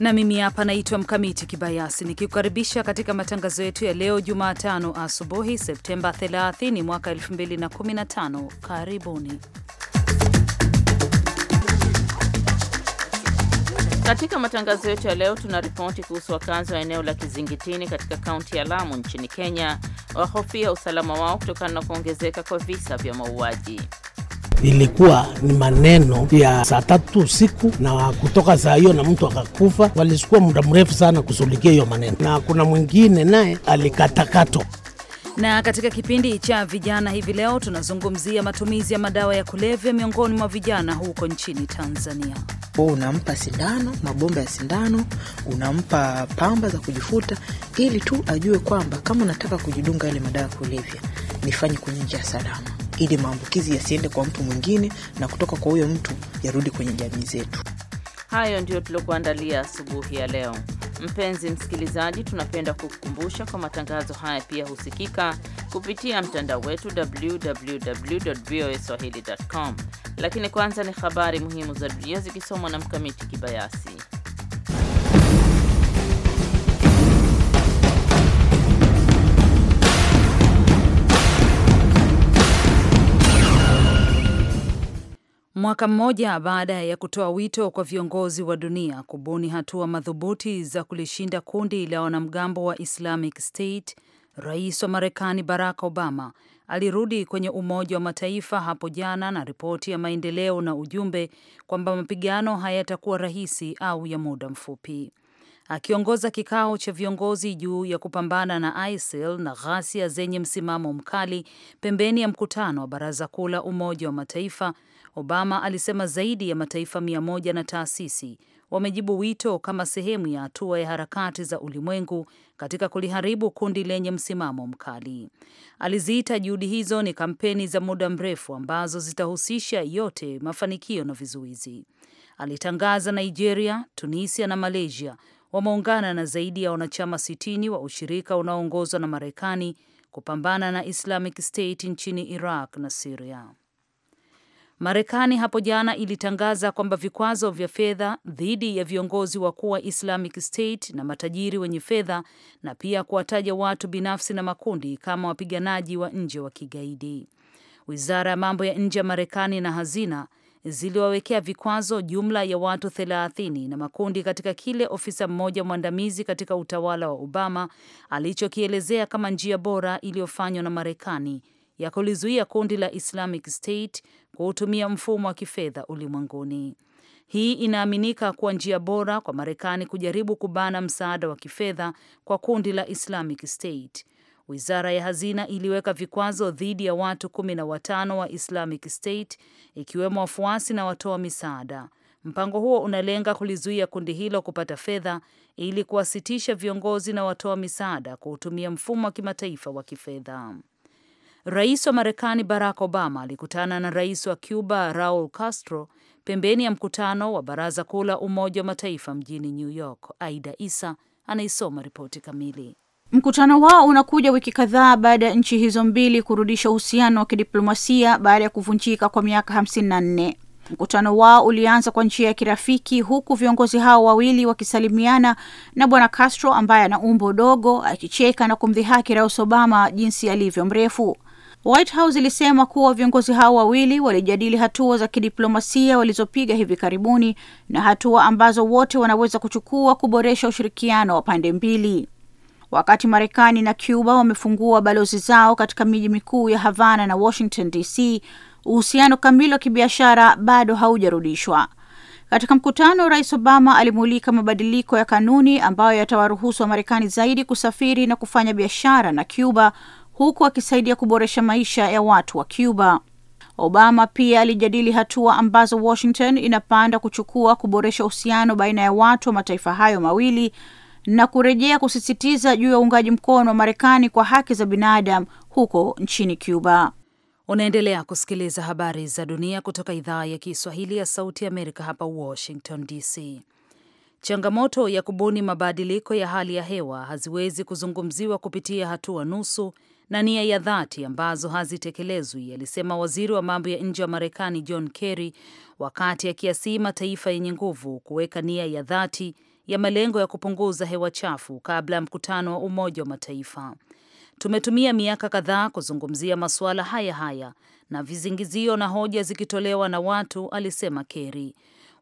na mimi hapa naitwa Mkamiti Kibayasi nikikukaribisha katika matangazo yetu ya leo Jumatano asubuhi Septemba 30 mwaka 2015. Karibuni. Katika matangazo yetu ya leo tuna ripoti kuhusu wakazi wa eneo la Kizingitini katika kaunti ya Lamu nchini Kenya wahofia usalama wao kutokana na kuongezeka kwa visa vya mauaji ilikuwa ni maneno ya saa tatu usiku, na kutoka saa hiyo na mtu akakufa. Walichukua muda mrefu sana kusulikia hiyo maneno, na kuna mwingine naye alikatakato na katika kipindi cha vijana hivi leo tunazungumzia matumizi ya madawa ya kulevya miongoni mwa vijana huko nchini Tanzania. Unampa sindano, mabomba ya sindano, unampa pamba za kujifuta, ili tu ajue kwamba kama unataka kujidunga yale madawa ya kulevya nifanye kwenye njia salama ili maambukizi yasiende kwa mtu mwingine na kutoka kwa huyo mtu yarudi kwenye jamii zetu. Hayo ndiyo tuliokuandalia asubuhi ya leo. Mpenzi msikilizaji, tunapenda kukukumbusha kwa matangazo haya pia husikika kupitia mtandao wetu www voa swahili com. Lakini kwanza ni habari muhimu za dunia zikisomwa na Mkamiti Kibayasi. Mwaka mmoja baada ya kutoa wito kwa viongozi wa dunia kubuni hatua madhubuti za kulishinda kundi la wanamgambo wa Islamic State, rais wa Marekani Barack Obama alirudi kwenye Umoja wa Mataifa hapo jana na ripoti ya maendeleo na ujumbe kwamba mapigano hayatakuwa rahisi au ya muda mfupi. Akiongoza kikao cha viongozi juu ya kupambana na ISIL na ghasia zenye msimamo mkali pembeni ya mkutano wa Baraza Kuu la Umoja wa Mataifa Obama alisema zaidi ya mataifa mia moja na taasisi wamejibu wito kama sehemu ya hatua ya harakati za ulimwengu katika kuliharibu kundi lenye msimamo mkali. Aliziita juhudi hizo ni kampeni za muda mrefu ambazo zitahusisha yote, mafanikio na vizuizi. Alitangaza Nigeria, Tunisia na Malaysia wameungana na zaidi ya wanachama sitini wa ushirika unaoongozwa na Marekani kupambana na Islamic State nchini Iraq na Siria. Marekani hapo jana ilitangaza kwamba vikwazo vya fedha dhidi ya viongozi wakuu wa Islamic State na matajiri wenye fedha na pia kuwataja watu binafsi na makundi kama wapiganaji wa nje wa kigaidi. Wizara ya mambo ya nje ya Marekani na hazina ziliwawekea vikwazo jumla ya watu 30 na makundi katika kile ofisa mmoja mwandamizi katika utawala wa Obama alichokielezea kama njia bora iliyofanywa na Marekani ya kulizuia kundi la Islamic State kuutumia mfumo wa kifedha ulimwenguni. Hii inaaminika kuwa njia bora kwa Marekani kujaribu kubana msaada wa kifedha kwa kundi la Islamic State. Wizara ya Hazina iliweka vikwazo dhidi ya watu kumi na watano wa Islamic State ikiwemo wafuasi na watoa misaada. Mpango huo unalenga kulizuia kundi hilo kupata fedha ili kuwasitisha viongozi na watoa misaada kuutumia mfumo wa kimataifa wa kifedha. Rais wa Marekani Barack Obama alikutana na rais wa Cuba Raul Castro pembeni ya mkutano wa Baraza Kuu la Umoja wa Mataifa mjini New York. Aida Isa anaisoma ripoti kamili. Mkutano wao unakuja wiki kadhaa baada ya nchi hizo mbili kurudisha uhusiano wa kidiplomasia baada ya kuvunjika kwa miaka 54. na nne. Mkutano wao ulianza kwa njia ya kirafiki huku viongozi hao wawili wakisalimiana na bwana Castro ambaye ana umbo dogo akicheka na kumdhihaki rais Obama jinsi alivyo mrefu. White House ilisema kuwa viongozi hao wawili walijadili hatua za kidiplomasia walizopiga hivi karibuni na hatua ambazo wote wanaweza kuchukua kuboresha ushirikiano wa pande mbili. Wakati Marekani na Cuba wamefungua balozi zao katika miji mikuu ya Havana na Washington DC, uhusiano kamili wa kibiashara bado haujarudishwa. Katika mkutano, Rais Obama alimulika mabadiliko ya kanuni ambayo yatawaruhusu Wamarekani zaidi kusafiri na kufanya biashara na Cuba huku akisaidia kuboresha maisha ya watu wa Cuba. Obama pia alijadili hatua ambazo Washington inapanda kuchukua kuboresha uhusiano baina ya watu wa mataifa hayo mawili na kurejea kusisitiza juu ya uungaji mkono wa Marekani kwa haki za binadamu huko nchini Cuba. Unaendelea kusikiliza habari za dunia kutoka idhaa ya Kiswahili ya Sauti Amerika hapa Washington DC. Changamoto ya kubuni mabadiliko ya hali ya hewa haziwezi kuzungumziwa kupitia hatua nusu na nia ya dhati ambazo hazitekelezwi, alisema waziri wa mambo ya nje wa Marekani John Kerry wakati akiasii mataifa yenye nguvu kuweka nia ya dhati ya malengo ya kupunguza hewa chafu kabla ya mkutano wa Umoja wa Mataifa. Tumetumia miaka kadhaa kuzungumzia masuala haya haya na vizingizio na hoja zikitolewa na watu, alisema Kerry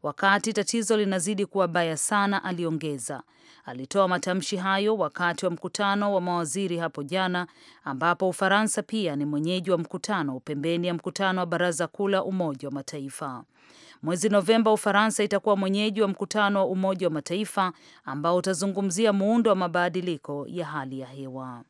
wakati tatizo linazidi kuwa baya sana, aliongeza. Alitoa matamshi hayo wakati wa mkutano wa mawaziri hapo jana, ambapo Ufaransa pia ni mwenyeji wa mkutano pembeni ya mkutano wa Baraza Kuu la Umoja wa Mataifa. Mwezi Novemba, Ufaransa itakuwa mwenyeji wa mkutano wa Umoja wa Mataifa ambao utazungumzia muundo wa mabadiliko ya hali ya hewa.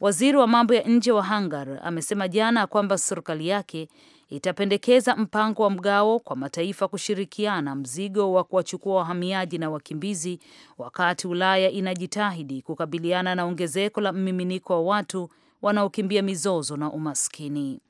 Waziri wa mambo ya nje wa Hungary amesema jana kwamba serikali yake itapendekeza mpango wa mgao kwa mataifa kushirikiana mzigo wa kuwachukua wahamiaji na wakimbizi, wakati Ulaya inajitahidi kukabiliana na ongezeko la mmiminiko wa watu wanaokimbia mizozo na umaskini.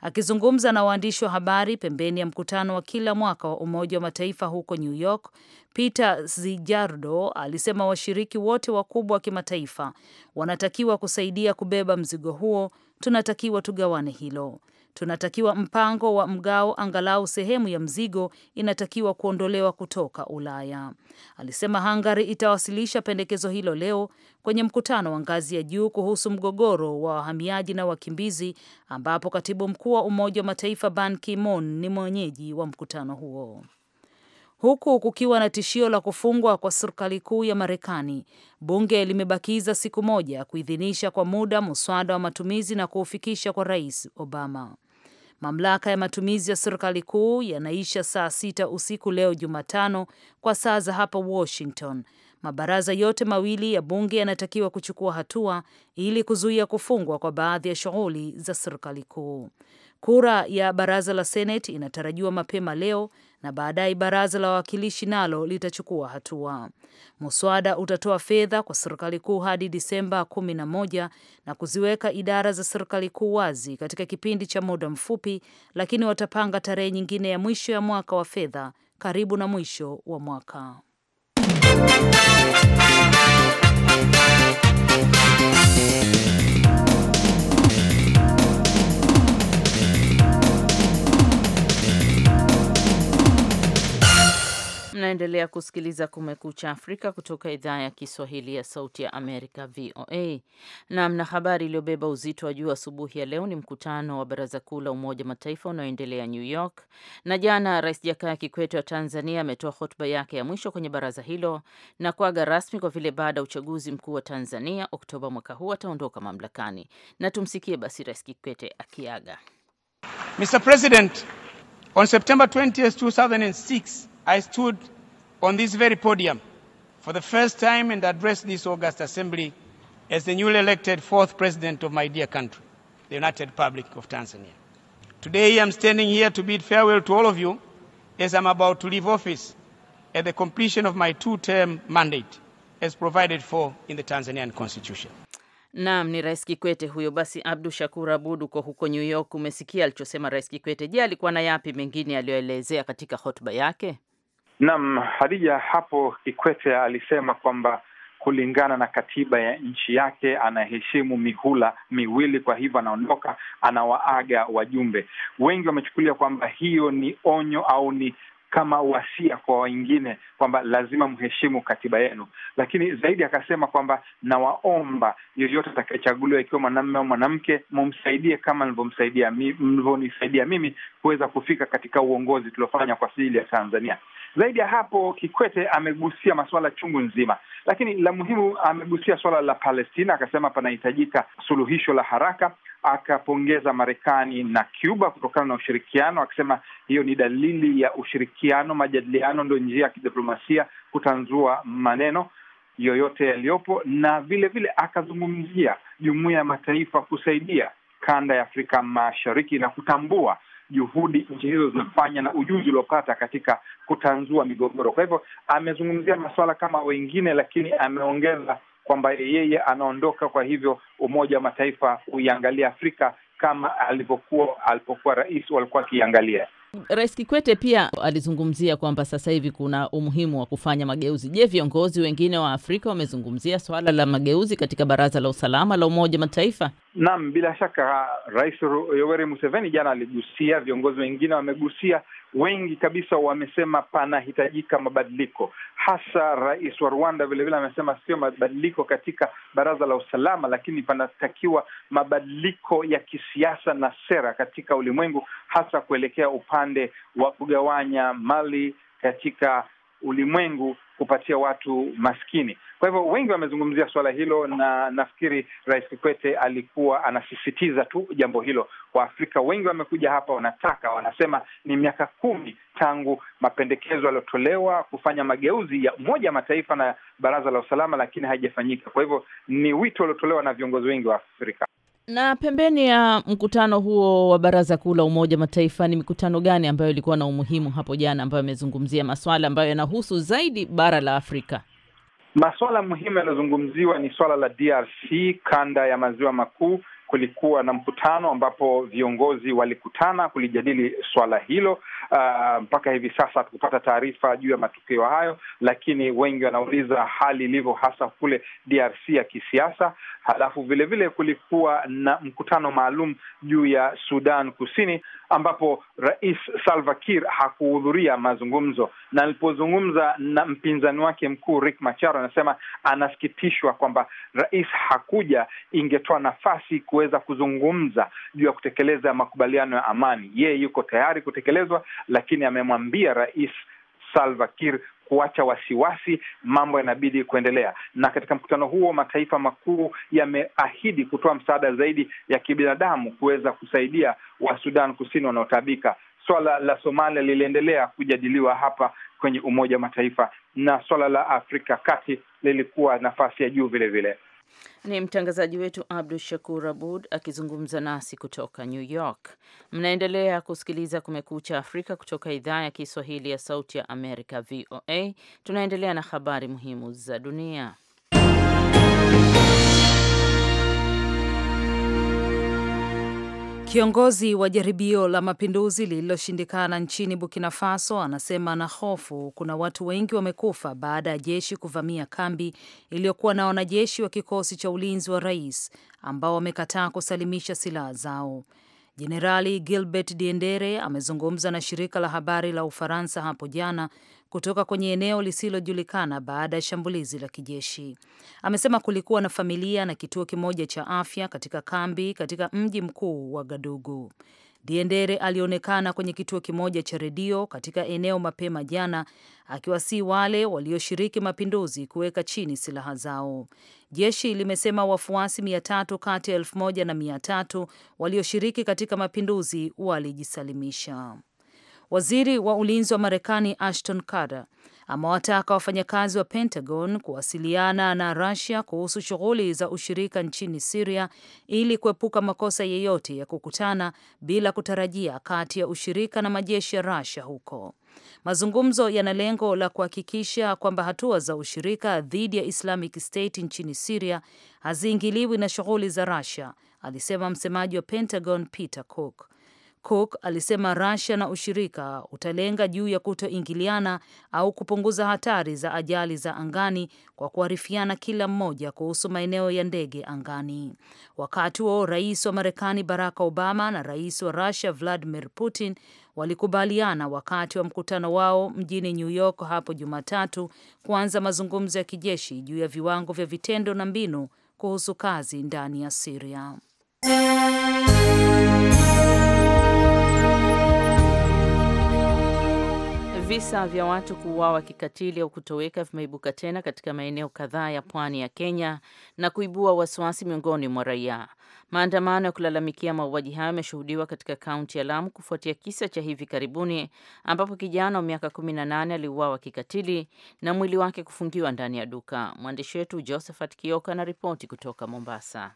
Akizungumza na waandishi wa habari pembeni ya mkutano wa kila mwaka wa Umoja wa Mataifa huko New York, Peter Zijardo alisema washiriki wote wakubwa wa kimataifa wanatakiwa kusaidia kubeba mzigo huo. Tunatakiwa tugawane hilo tunatakiwa mpango wa mgao, angalau sehemu ya mzigo inatakiwa kuondolewa kutoka Ulaya. Alisema Hungary itawasilisha pendekezo hilo leo kwenye mkutano wa ngazi ya juu kuhusu mgogoro wa wahamiaji na wakimbizi, ambapo katibu mkuu wa Umoja wa Mataifa Ban Ki-moon ni mwenyeji wa mkutano huo. Huku kukiwa na tishio la kufungwa kwa serikali kuu ya Marekani, bunge limebakiza siku moja kuidhinisha kwa muda mswada wa matumizi na kuufikisha kwa rais Obama. Mamlaka ya matumizi ya serikali kuu yanaisha saa sita usiku leo Jumatano kwa saa za hapa Washington. Mabaraza yote mawili ya bunge yanatakiwa kuchukua hatua ili kuzuia kufungwa kwa baadhi ya shughuli za serikali kuu. Kura ya baraza la Seneti inatarajiwa mapema leo na baadaye baraza la wawakilishi nalo litachukua hatua. Muswada utatoa fedha kwa serikali kuu hadi Disemba kumi na moja na kuziweka idara za serikali kuu wazi katika kipindi cha muda mfupi, lakini watapanga tarehe nyingine ya mwisho ya mwaka wa fedha karibu na mwisho wa mwaka. Mnaendelea kusikiliza Kumekucha Afrika kutoka idhaa ya Kiswahili ya Sauti ya Amerika, VOA. Naam, na habari iliyobeba uzito wa juu asubuhi ya leo ni mkutano wa Baraza Kuu la Umoja Mataifa unaoendelea New York, na jana Rais Jakaya Kikwete wa Tanzania ametoa hotuba yake ya mwisho kwenye baraza hilo na kuaga rasmi, kwa vile baada ya uchaguzi mkuu wa Tanzania Oktoba mwaka huu ataondoka mamlakani. Na tumsikie basi Rais Kikwete akiaga. Mr. President, on September 20, 2006 I stood on this very podium for the first time and addressed this August Assembly as the newly elected fourth president of my dear country, the United Republic of Tanzania. Today I'm standing here to bid farewell to all of you as I'm about to leave office at the completion of my two-term mandate as provided for in the Tanzanian Constitution. Naam, ni Rais Kikwete huyo. Basi Abdu Shakur Abud uko huko New York, umesikia alichosema Rais Kikwete. Je, alikuwa na yapi mengine aliyoelezea katika hotuba yake? Naam, Hadija, hapo Kikwete alisema kwamba kulingana na katiba ya nchi yake anaheshimu mihula miwili, kwa hivyo anaondoka, anawaaga wajumbe. Wengi wamechukulia kwamba hiyo ni onyo au ni kama wasia kwa wengine kwamba lazima mheshimu katiba yenu, lakini zaidi akasema kwamba nawaomba yoyote atakayechaguliwa, ikiwa mwanamme au mwanamke, mumsaidie kama mlivyomsaidia mlivyonisaidia mimi kuweza kufika katika uongozi tuliofanya kwa ajili ya Tanzania. Zaidi ya hapo, Kikwete amegusia masuala chungu nzima, lakini la muhimu amegusia suala la Palestina, akasema panahitajika suluhisho la haraka akapongeza Marekani na Cuba kutokana na ushirikiano, akisema hiyo ni dalili ya ushirikiano. Majadiliano ndio njia ya kidiplomasia kutanzua maneno yoyote yaliyopo, na vile vile akazungumzia jumuiya ya mataifa kusaidia kanda ya Afrika Mashariki na kutambua juhudi nchi hizo zinafanya na ujuzi uliopata katika kutanzua migogoro. Kwa hivyo amezungumzia masuala kama wengine, lakini ameongeza kwamba yeye anaondoka, kwa hivyo Umoja wa Mataifa kuiangalia Afrika kama alivyokuwa alipokuwa rais walikuwa akiangalia. Rais Kikwete pia alizungumzia kwamba sasa hivi kuna umuhimu wa kufanya mageuzi. Je, viongozi wengine wa Afrika wamezungumzia swala la mageuzi katika Baraza la Usalama la Umoja Mataifa? Naam, bila shaka Rais Yoweri Museveni jana aligusia, viongozi wengine wamegusia wengi kabisa wamesema panahitajika mabadiliko, hasa rais wa Rwanda vilevile amesema sio mabadiliko katika baraza la usalama, lakini panatakiwa mabadiliko ya kisiasa na sera katika ulimwengu, hasa kuelekea upande wa kugawanya mali katika ulimwengu kupatia watu maskini. Kwa hivyo wengi wamezungumzia suala hilo, na nafikiri Rais Kikwete alikuwa anasisitiza tu jambo hilo. Waafrika wengi wamekuja hapa, wanataka wanasema, ni miaka kumi tangu mapendekezo yaliyotolewa kufanya mageuzi ya Umoja wa Mataifa na Baraza la Usalama, lakini haijafanyika. Kwa hivyo ni wito uliotolewa na viongozi wengi wa Afrika. Na pembeni ya mkutano huo wa Baraza Kuu la Umoja Mataifa, ni mikutano gani ambayo ilikuwa na umuhimu hapo jana, ambayo amezungumzia maswala ambayo yanahusu zaidi bara la Afrika? maswala muhimu yanayozungumziwa ni swala la DRC, kanda ya maziwa makuu, kulikuwa na mkutano ambapo viongozi walikutana kulijadili swala hilo. Uh, mpaka hivi sasa hatukupata taarifa juu ya matukio hayo, lakini wengi wanauliza hali ilivyo hasa kule DRC ya kisiasa. Halafu vilevile kulikuwa na mkutano maalum juu ya Sudan Kusini ambapo Rais Salva Kiir hakuhudhuria mazungumzo, na alipozungumza na mpinzani wake mkuu Riek Machar, anasema anasikitishwa kwamba rais hakuja, ingetoa nafasi ku kuweza kuzungumza juu ya kutekeleza makubaliano ya amani. Yeye yuko tayari kutekelezwa, lakini amemwambia Rais Salva Kiir kuacha wasiwasi, mambo yanabidi kuendelea. Na katika mkutano huo mataifa makuu yameahidi kutoa msaada zaidi ya kibinadamu kuweza kusaidia wa Sudan Kusini wanaotabika Swala la Somalia liliendelea kujadiliwa hapa kwenye Umoja wa Mataifa na swala la Afrika Kati lilikuwa nafasi ya juu vilevile vile. Ni mtangazaji wetu Abdu Shakur Abud akizungumza nasi kutoka New York. Mnaendelea kusikiliza Kumekucha Afrika kutoka idhaa ya Kiswahili ya Sauti ya Amerika, VOA. Tunaendelea na habari muhimu za dunia. Kiongozi wa jaribio la mapinduzi lililoshindikana nchini Burkina Faso anasema ana hofu kuna watu wengi wamekufa baada ya jeshi kuvamia kambi iliyokuwa na wanajeshi wa kikosi cha ulinzi wa rais ambao wamekataa kusalimisha silaha zao. Jenerali Gilbert Diendere amezungumza na shirika la habari la Ufaransa hapo jana kutoka kwenye eneo lisilojulikana baada ya shambulizi la kijeshi. Amesema kulikuwa na familia na kituo kimoja cha afya katika kambi katika mji mkuu wa Gadugu. Diendere alionekana kwenye kituo kimoja cha redio katika eneo mapema jana akiwasii wale walioshiriki mapinduzi kuweka chini silaha zao. Jeshi limesema wafuasi mia tatu kati ya elfu moja na mia tatu walioshiriki katika mapinduzi walijisalimisha. Waziri wa ulinzi wa Marekani Ashton Carter amewataka wafanyakazi wa Pentagon kuwasiliana na rasia kuhusu shughuli za ushirika nchini siria ili kuepuka makosa yeyote ya kukutana bila kutarajia kati ya ushirika na majeshi ya Russia huko. Mazungumzo yana lengo la kuhakikisha kwamba hatua za ushirika dhidi ya Islamic State nchini siria haziingiliwi na shughuli za rasia alisema msemaji wa Pentagon Peter Cook. Cook alisema Russia na ushirika utalenga juu ya kutoingiliana au kupunguza hatari za ajali za angani kwa kuarifiana kila mmoja kuhusu maeneo ya ndege angani. Wakati huo rais wa Marekani Barack Obama na rais wa Russia Vladimir Putin walikubaliana wakati wa mkutano wao mjini New York hapo Jumatatu kuanza mazungumzo ya kijeshi juu ya viwango vya vitendo na mbinu kuhusu kazi ndani ya Syria. Visa vya watu kuuawa kikatili au kutoweka vimeibuka tena katika maeneo kadhaa ya pwani ya Kenya na kuibua wasiwasi miongoni mwa raia. Maandamano ya kulalamikia mauaji hayo yameshuhudiwa katika kaunti ya Lamu kufuatia kisa cha hivi karibuni ambapo kijana wa miaka 18 aliuawa kikatili na mwili wake kufungiwa ndani ya duka. Mwandishi wetu Josephat Kioka na ripoti kutoka Mombasa.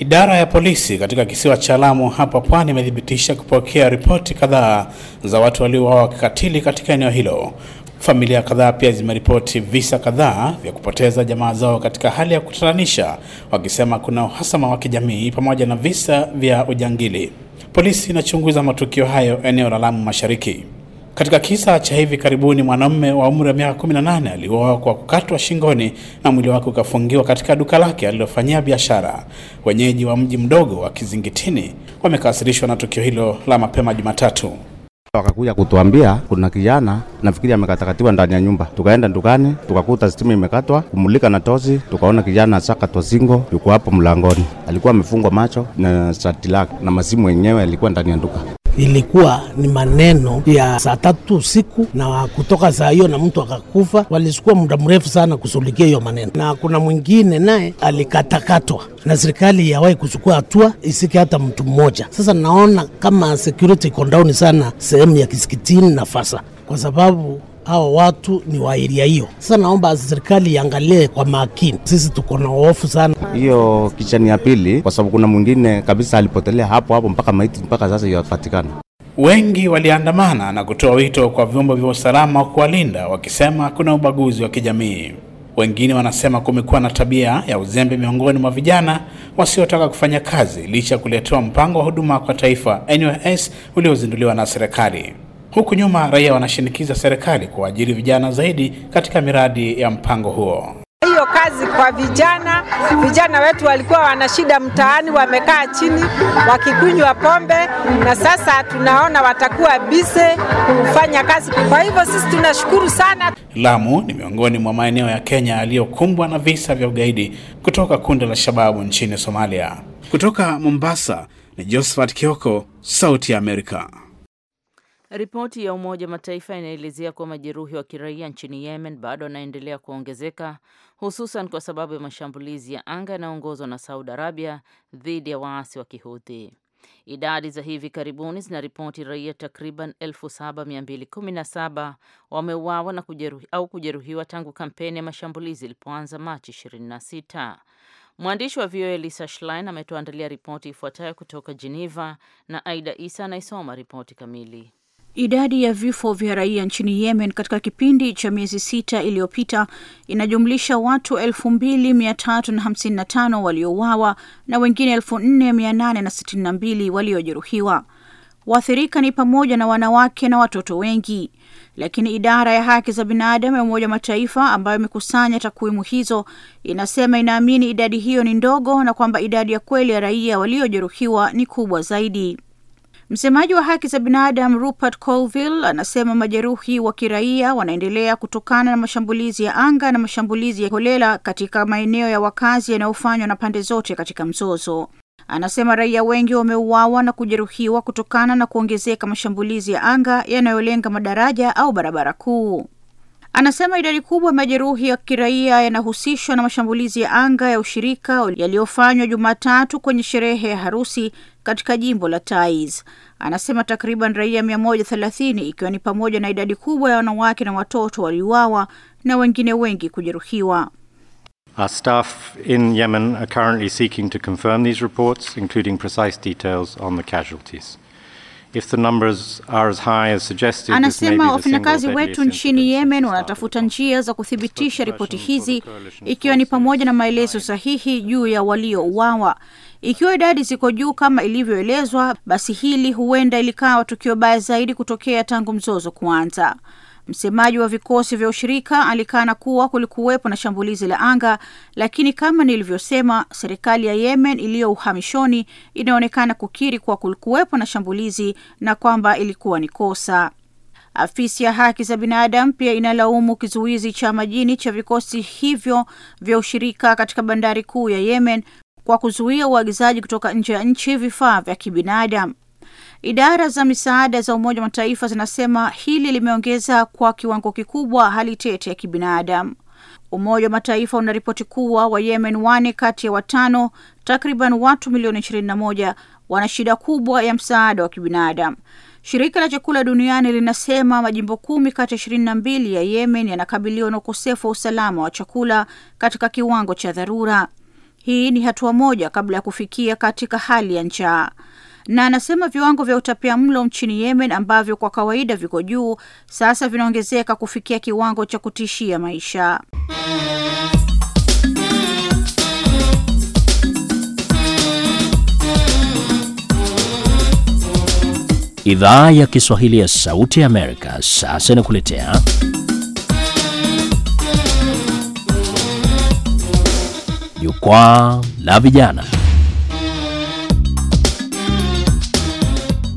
Idara ya polisi katika kisiwa cha Lamu hapa pwani imethibitisha kupokea ripoti kadhaa za watu waliouawa kikatili katika eneo hilo. Familia kadhaa pia zimeripoti visa kadhaa vya kupoteza jamaa zao katika hali ya kutatanisha, wakisema kuna uhasama wa kijamii pamoja na visa vya ujangili. Polisi inachunguza matukio hayo eneo la Lamu Mashariki. Katika kisa cha hivi karibuni, mwanamume wa umri wa miaka 18 aliuawa kwa kukatwa shingoni na mwili wake ukafungiwa katika duka lake alilofanyia biashara. Wenyeji wa mji mdogo wa Kizingitini wamekasirishwa na tukio hilo la mapema Jumatatu. Wakakuja kutuambia kuna kijana nafikiri amekatakatiwa ndani ya nyumba. Tukaenda dukani, tukakuta stima imekatwa, kumulika na tozi, tukaona kijana asakatwa shingo, yuko hapo mlangoni, alikuwa amefungwa macho na shati lake, na masimu yenyewe yalikuwa ndani ya duka ilikuwa ni maneno ya saa tatu usiku, na kutoka saa hiyo na mtu akakufa, walichukua muda mrefu sana kusulikia hiyo maneno. Na kuna mwingine naye alikatakatwa na serikali yawahi kuchukua hatua isike hata mtu mmoja. Sasa naona kama security iko sana sehemu ya kisikitini na Fasa kwa sababu hao watu ni wa eria hiyo. Sasa naomba serikali iangalie kwa makini, sisi tuko na hofu sana. Hiyo kichani ya pili, kwa sababu kuna mwingine kabisa alipotelea hapo hapo mpaka maiti mpaka sasa yapatikana. Wengi waliandamana na kutoa wito kwa vyombo vya usalama kuwalinda, wakisema kuna ubaguzi wa kijamii. Wengine wanasema kumekuwa na tabia ya uzembe miongoni mwa vijana wasiotaka kufanya kazi licha ya kuletewa mpango wa huduma kwa taifa nus uliozinduliwa na serikali. Huku nyuma raia wanashinikiza serikali kuajiri vijana zaidi katika miradi ya mpango huo. Hiyo kazi kwa vijana, vijana wetu walikuwa wana shida mtaani, wamekaa chini wakikunywa pombe, na sasa tunaona watakuwa bise kufanya kazi. Kwa hivyo sisi tunashukuru sana. Lamu ni miongoni mwa maeneo ya Kenya yaliyokumbwa na visa vya ugaidi kutoka kundi la Shababu nchini Somalia. Kutoka Mombasa ni Josephat Kioko, Sauti ya Amerika. Ripoti ya Umoja Mataifa inaelezea kuwa majeruhi wa kiraia nchini Yemen bado wanaendelea kuongezeka, hususan kwa sababu ya mashambulizi ya anga yanayoongozwa na Saudi Arabia dhidi ya waasi wa Kihuthi. Idadi za hivi karibuni zinaripoti raia takriban 7217 wameuawa na kujeruhi, au kujeruhiwa tangu kampeni ya mashambulizi ilipoanza Machi 26. Mwandishi wa VOA Lisa Schlein ametuandalia ripoti ifuatayo kutoka Geneva na Aida Isa anaisoma ripoti kamili. Idadi ya vifo vya raia nchini Yemen katika kipindi cha miezi sita iliyopita inajumlisha watu 2355 waliouawa na wengine 4862 waliojeruhiwa. Waathirika ni pamoja na wanawake na watoto wengi, lakini idara ya haki za binadamu ya Umoja wa Mataifa ambayo imekusanya takwimu hizo inasema inaamini idadi hiyo ni ndogo na kwamba idadi ya kweli ya raia waliojeruhiwa ni kubwa zaidi. Msemaji wa haki za binadamu Rupert Colville anasema majeruhi wa kiraia wanaendelea kutokana na mashambulizi ya anga na mashambulizi ya holela katika maeneo ya wakazi yanayofanywa na pande zote katika mzozo. Anasema raia wengi wameuawa na kujeruhiwa kutokana na kuongezeka mashambulizi ya anga yanayolenga madaraja au barabara kuu. Anasema idadi kubwa ya majeruhi ya kiraia yanahusishwa na mashambulizi ya anga ya ushirika yaliyofanywa Jumatatu kwenye sherehe ya harusi katika jimbo la Taiz. Anasema takriban raia 130 ikiwa ni pamoja na idadi kubwa ya wanawake na watoto waliuawa na wengine wengi kujeruhiwa. Our staff in Yemen are currently seeking to confirm these reports including precise details on the casualties. Anasema wafanyakazi wetu nchini Yemen wanatafuta njia za kuthibitisha ripoti hizi, ikiwa ni pamoja na maelezo sahihi juu ya waliouawa. Ikiwa idadi ziko juu kama ilivyoelezwa, basi hili huenda ilikawa tukio baya zaidi kutokea tangu mzozo kuanza. Msemaji wa vikosi vya ushirika alikana kuwa kulikuwepo na shambulizi la anga, lakini kama nilivyosema, serikali ya Yemen iliyo uhamishoni inaonekana kukiri kuwa kulikuwepo na shambulizi na kwamba ilikuwa ni kosa. Afisi ya haki za binadamu pia inalaumu kizuizi cha majini cha vikosi hivyo vya ushirika katika bandari kuu ya Yemen kwa kuzuia uagizaji kutoka nje ya nchi vifaa vya kibinadamu. Idara za misaada za Umoja wa Mataifa zinasema hili limeongeza kwa kiwango kikubwa hali tete ya kibinadamu. Umoja wa Mataifa unaripoti kuwa Wayemen wane kati ya watano, takriban watu milioni 21 wana shida kubwa ya msaada wa kibinadamu. Shirika la chakula duniani linasema majimbo kumi kati ya ishirini na mbili ya Yemen yanakabiliwa na ukosefu wa usalama wa chakula katika kiwango cha dharura. Hii ni hatua moja kabla ya kufikia katika hali ya njaa na anasema viwango vya utapia mlo nchini Yemen ambavyo kwa kawaida viko juu sasa vinaongezeka kufikia kiwango cha kutishia maisha. Idhaa ya Kiswahili ya Sauti ya Amerika sasa inakuletea Jukwaa la Vijana.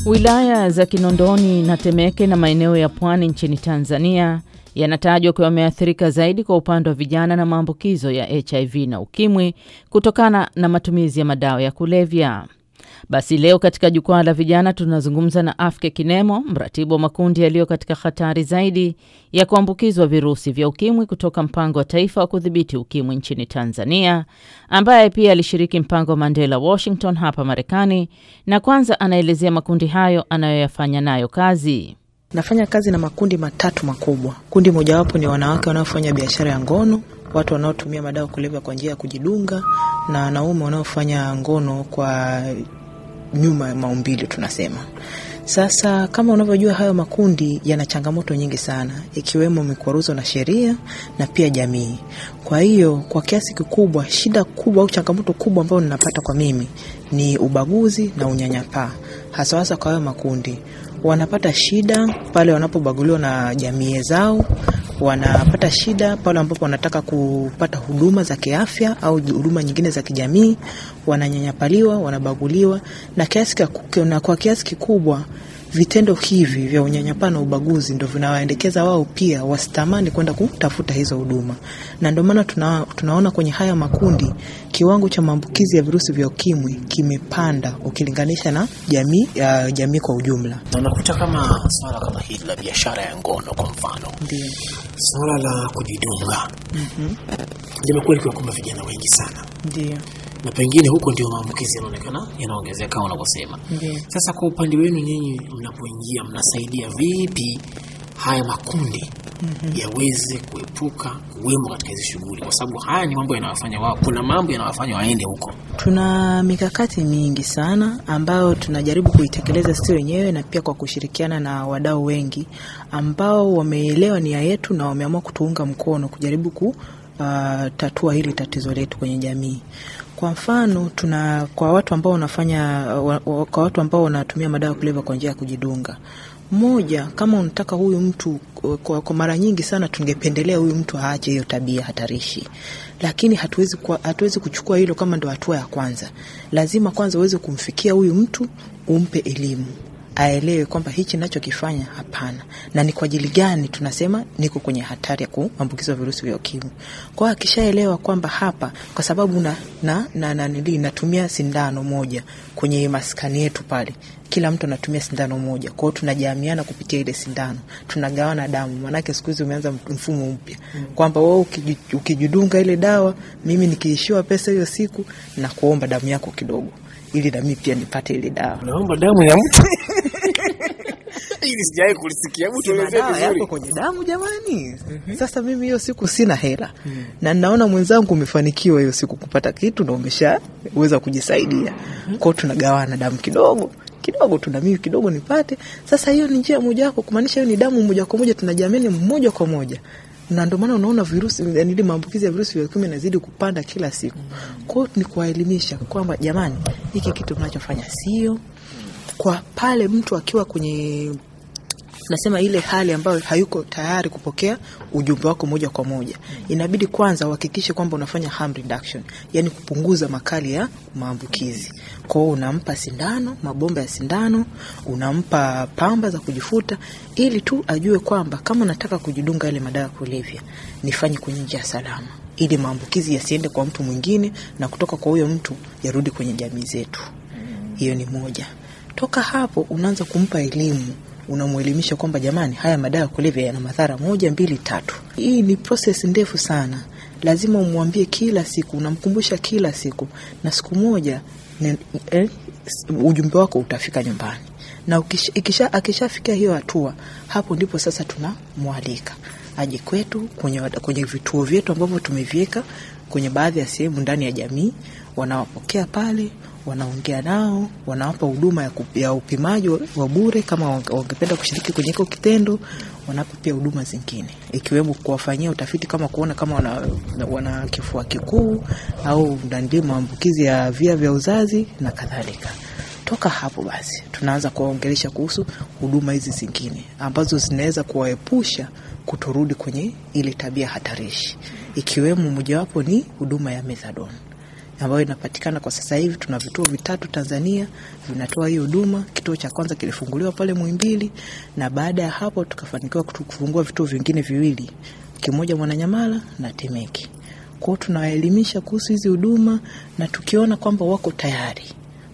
Wilaya za Kinondoni na Temeke na maeneo ya pwani nchini Tanzania yanatajwa kuwa yameathirika zaidi kwa upande wa vijana na maambukizo ya HIV na ukimwi kutokana na matumizi ya madawa ya kulevya. Basi leo katika jukwaa la vijana tunazungumza na Afke Kinemo, mratibu wa makundi yaliyo katika hatari zaidi ya kuambukizwa virusi vya ukimwi kutoka mpango wa taifa wa kudhibiti ukimwi nchini Tanzania, ambaye pia alishiriki mpango wa Mandela Washington hapa Marekani, na kwanza anaelezea makundi hayo anayoyafanya nayo kazi. Nafanya kazi na makundi matatu makubwa. Kundi mojawapo ni wanawake wanaofanya biashara ya ngono, watu wanaotumia madawa kulevya kwa njia ya kujidunga, na wanaume wanaofanya ngono kwa nyuma ya maumbili tunasema. Sasa kama unavyojua hayo makundi yana changamoto nyingi sana, ikiwemo mikwaruzo na sheria na pia jamii. Kwa hiyo kwa kiasi kikubwa, shida kubwa au changamoto kubwa ambayo ninapata kwa mimi ni ubaguzi na unyanyapaa, hasa hasa kwa hayo makundi. Wanapata shida pale wanapobaguliwa na jamii zao, wanapata shida pale ambapo wanataka kupata huduma za kiafya au huduma nyingine za kijamii, wananyanyapaliwa, wanabaguliwa na kiasi kwa kiasi kikubwa vitendo hivi vya unyanyapaa na ubaguzi ndo vinawaendekeza wao pia wasitamani kwenda kutafuta hizo huduma, na ndio maana tuna, tunaona kwenye haya makundi kiwango cha maambukizi ya virusi vya ukimwi kimepanda ukilinganisha na jamii ya jamii kwa ujumla. Unakuta kama swala kama hili la biashara ya ngono kwa mfano, ndio swala la kujidunga mm -hmm. limekuwa likiwakumba vijana wengi sana, ndio na pengine huko ndio maambukizi yanaonekana yanaongezeka kama unavyosema. Okay. Sasa kwa upande wenu nyinyi, mnapoingia mnasaidia vipi haya makundi mm -hmm. yaweze kuepuka kuwemo katika hizi shughuli, kwa sababu haya ni mambo yanawafanya wao, kuna mambo yanawafanya waende huko. Tuna mikakati mingi sana ambayo tunajaribu kuitekeleza sisi wenyewe na pia kwa kushirikiana na wadau wengi ambao wameelewa nia yetu na wameamua kutuunga mkono kujaribu ku, uh, tatua hili tatizo letu kwenye jamii. Kwa mfano tuna kwa watu ambao wanafanya kwa watu ambao wanatumia madawa ya kulevya kwa njia ya kujidunga moja kama unataka huyu mtu kwa, kwa mara nyingi sana tungependelea huyu mtu aache hiyo tabia hatarishi, lakini hatuwezi, kwa, hatuwezi kuchukua hilo kama ndo hatua ya kwanza. Lazima kwanza uweze kumfikia huyu mtu, umpe elimu aelewe kwamba hichi nachokifanya hapana, na ni kwa ajili gani tunasema niko kwenye hatari ya kuambukizwa virusi vya ukimwi. Kwao akishaelewa kwamba hapa, kwa sababu na, na, na, na, na, natumia sindano moja kwenye maskani yetu pale kila mtu anatumia sindano moja, kwao tunajamiana kupitia ile sindano, tunagawana damu. Maanake siku hizi umeanza mfumo mpya mm. kwamba wewe ukijidunga ile dawa, mimi nikiishiwa pesa hiyo siku na kuomba damu yako kidogo, ili nami pia nipate ile dawa. Naomba damu ya mtu sijawahi kulisikia. Yako kwenye damu jamani. Mhm. Sasa mimi hiyo siku sina hela mm. na naona mwenzangu umefanikiwa hiyo siku kupata kitu na umeshaweza kujisaidia mm. Kwao tunagawana damu kidogo kidogo tu na mimi kidogo nipate. Sasa hiyo ni njia moja yako kumaanisha hiyo ni damu moja kwa moja tunajamiana moja kwa moja na ndio maana unaona virusi yani maambukizi ya virusi vya ukimwi yanazidi kupanda kila siku. Kwa hiyo ni kuwaelimisha kwamba jamani, hiki kitu mnachofanya sio kwa pale mtu akiwa kwenye nasema ile hali ambayo hayuko tayari kupokea ujumbe wako moja kwa moja, inabidi kwanza uhakikishe kwamba unafanya harm reduction, yani kupunguza makali ya maambukizi kwao unampa sindano, mabomba ya sindano, unampa pamba za kujifuta, ili tu ajue kwamba kama nataka kujidunga yale madawa ya kulevya nifanye kwenye njia salama, ili maambukizi yasiende kwa mtu mwingine na kutoka kwa huyo mtu yarudi kwenye jamii zetu. Hiyo ni moja. Toka hapo unaanza kumpa elimu unamwelimisha kwamba jamani, haya madawa ya kulevya yana madhara moja, mbili, tatu. Hii ni proses ndefu sana, lazima umwambie kila siku, unamkumbusha kila siku, na siku moja Eh, ujumbe wako utafika nyumbani na ukisha, akishafikia hiyo hatua, hapo ndipo sasa tunamwalika aje kwetu kwenye, kwenye vituo vyetu ambavyo tumeviweka kwenye baadhi ya sehemu ndani ya jamii. Wanawapokea pale, wanaongea nao, wanawapa huduma ya, ya upimaji wa bure kama wangependa kushiriki kwenye hiko kitendo wanapopia huduma zingine ikiwemo kuwafanyia utafiti kama kuona kama wana, wana kifua kikuu au ndio maambukizi ya via vya uzazi na kadhalika. Toka hapo basi, tunaanza kuwaongelesha kuhusu huduma hizi zingine ambazo zinaweza kuwaepusha kutorudi kwenye ile tabia hatarishi, ikiwemo mojawapo ni huduma ya methadone ambayo inapatikana kwa sasa hivi. Tuna vituo vitatu Tanzania vinatoa hii huduma. Kituo cha kwanza kilifunguliwa pale Muhimbili, na baada ya hapo tukafanikiwa kufungua vituo vingine viwili, kimoja Mwananyamala na Temeke. Kwao tunawaelimisha kuhusu hizi huduma, na tukiona kwamba wako tayari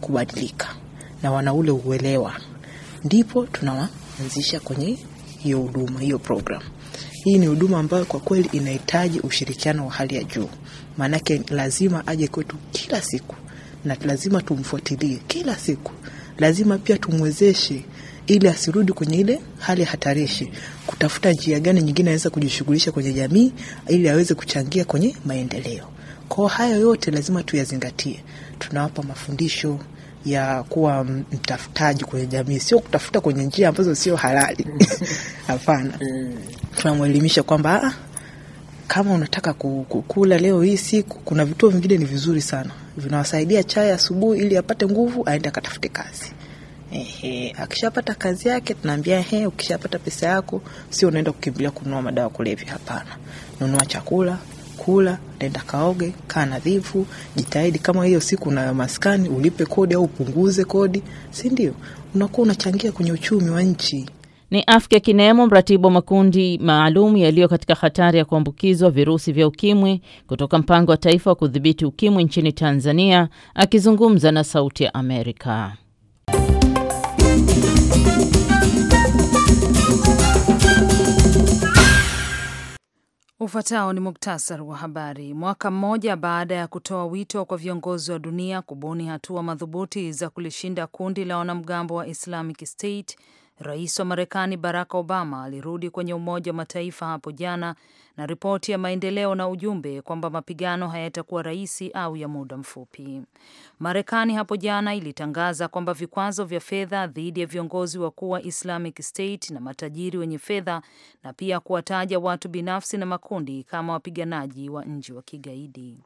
kubadilika na wana ule uelewa, ndipo tunawaanzisha kwenye hiyo huduma hiyo program. Hii ni huduma ambayo kwa kweli inahitaji ushirikiano wa hali ya juu maanake lazima aje kwetu kila siku na lazima tumfuatilie kila siku, lazima pia tumwezeshe ili asirudi kwenye ile hali hatarishi, kutafuta njia gani nyingine anaweza kujishughulisha kwenye jamii ili aweze kuchangia kwenye maendeleo. Kwa hayo yote lazima tuyazingatie. Tunawapa mafundisho ya kuwa mtafutaji kwenye jamii, sio kutafuta kwenye njia ambazo sio halali. Hapana, mm. tunamwelimisha kwamba ah, kama unataka kukula leo hii siku, kuna vituo vingine ni vizuri sana vinawasaidia chai asubuhi, ili apate nguvu aende akatafute kazi. Ehe, akishapata kazi yake tunaambia he, ukishapata pesa yako sio unaenda kukimbilia kununua madawa kulevya. Hapana, nunua chakula kula, nenda kaoge, kaa nadhifu, jitahidi. Kama hiyo siku unayo maskani, ulipe kodi au upunguze kodi, si ndio? Unakuwa unachangia kwenye uchumi wa nchi. Ni Afya Kinemo, mratibu wa makundi maalum yaliyo katika hatari ya kuambukizwa virusi vya ukimwi kutoka mpango wa taifa wa kudhibiti ukimwi nchini Tanzania, akizungumza na Sauti ya Amerika. Ufuatao ni muktasari wa habari. Mwaka mmoja baada ya kutoa wito kwa viongozi wa dunia kubuni hatua madhubuti za kulishinda kundi la wanamgambo wa Islamic State Rais wa Marekani Barack Obama alirudi kwenye Umoja wa Mataifa hapo jana na ripoti ya maendeleo na ujumbe kwamba mapigano hayatakuwa rahisi au ya muda mfupi. Marekani hapo jana ilitangaza kwamba vikwazo vya fedha dhidi ya viongozi wakuu wa Islamic State na matajiri wenye fedha na pia kuwataja watu binafsi na makundi kama wapiganaji wa nje wa kigaidi.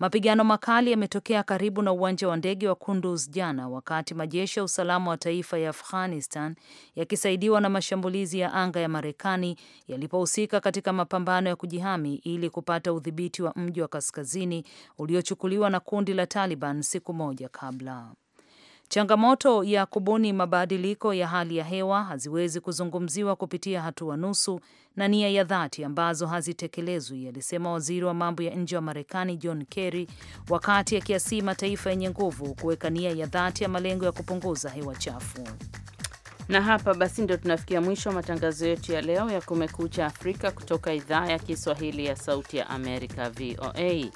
Mapigano makali yametokea karibu na uwanja wa ndege wa Kunduz jana, wakati majeshi ya usalama wa taifa ya Afghanistan yakisaidiwa na mashambulizi ya anga ya Marekani yalipohusika katika mapambano ya kujihami ili kupata udhibiti wa mji wa kaskazini uliochukuliwa na kundi la Taliban siku moja kabla. Changamoto ya kubuni mabadiliko ya hali ya hewa haziwezi kuzungumziwa kupitia hatua nusu na nia ya dhati ambazo hazitekelezwi, alisema waziri wa mambo ya nje wa Marekani John Kerry wakati akiasii mataifa yenye nguvu kuweka nia ya dhati ya malengo ya kupunguza hewa chafu. Na hapa basi ndio tunafikia mwisho wa matangazo yetu ya leo ya Kumekucha Afrika kutoka idhaa ya Kiswahili ya Sauti ya Amerika, VOA.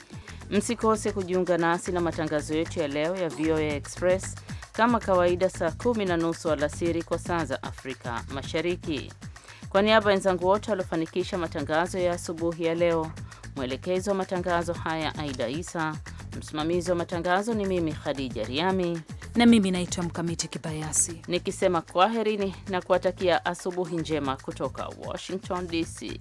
Msikose kujiunga nasi na matangazo yetu ya leo ya VOA Express kama kawaida saa kumi na nusu alasiri kwa saa za Afrika Mashariki. Kwa niaba ya wenzangu wote waliofanikisha matangazo ya asubuhi ya leo, mwelekezi wa matangazo haya Aida Isa, msimamizi wa matangazo ni mimi Khadija Riami na mimi naitwa Mkamiti Kibayasi, nikisema kwaherini na kuwatakia asubuhi njema kutoka Washington DC.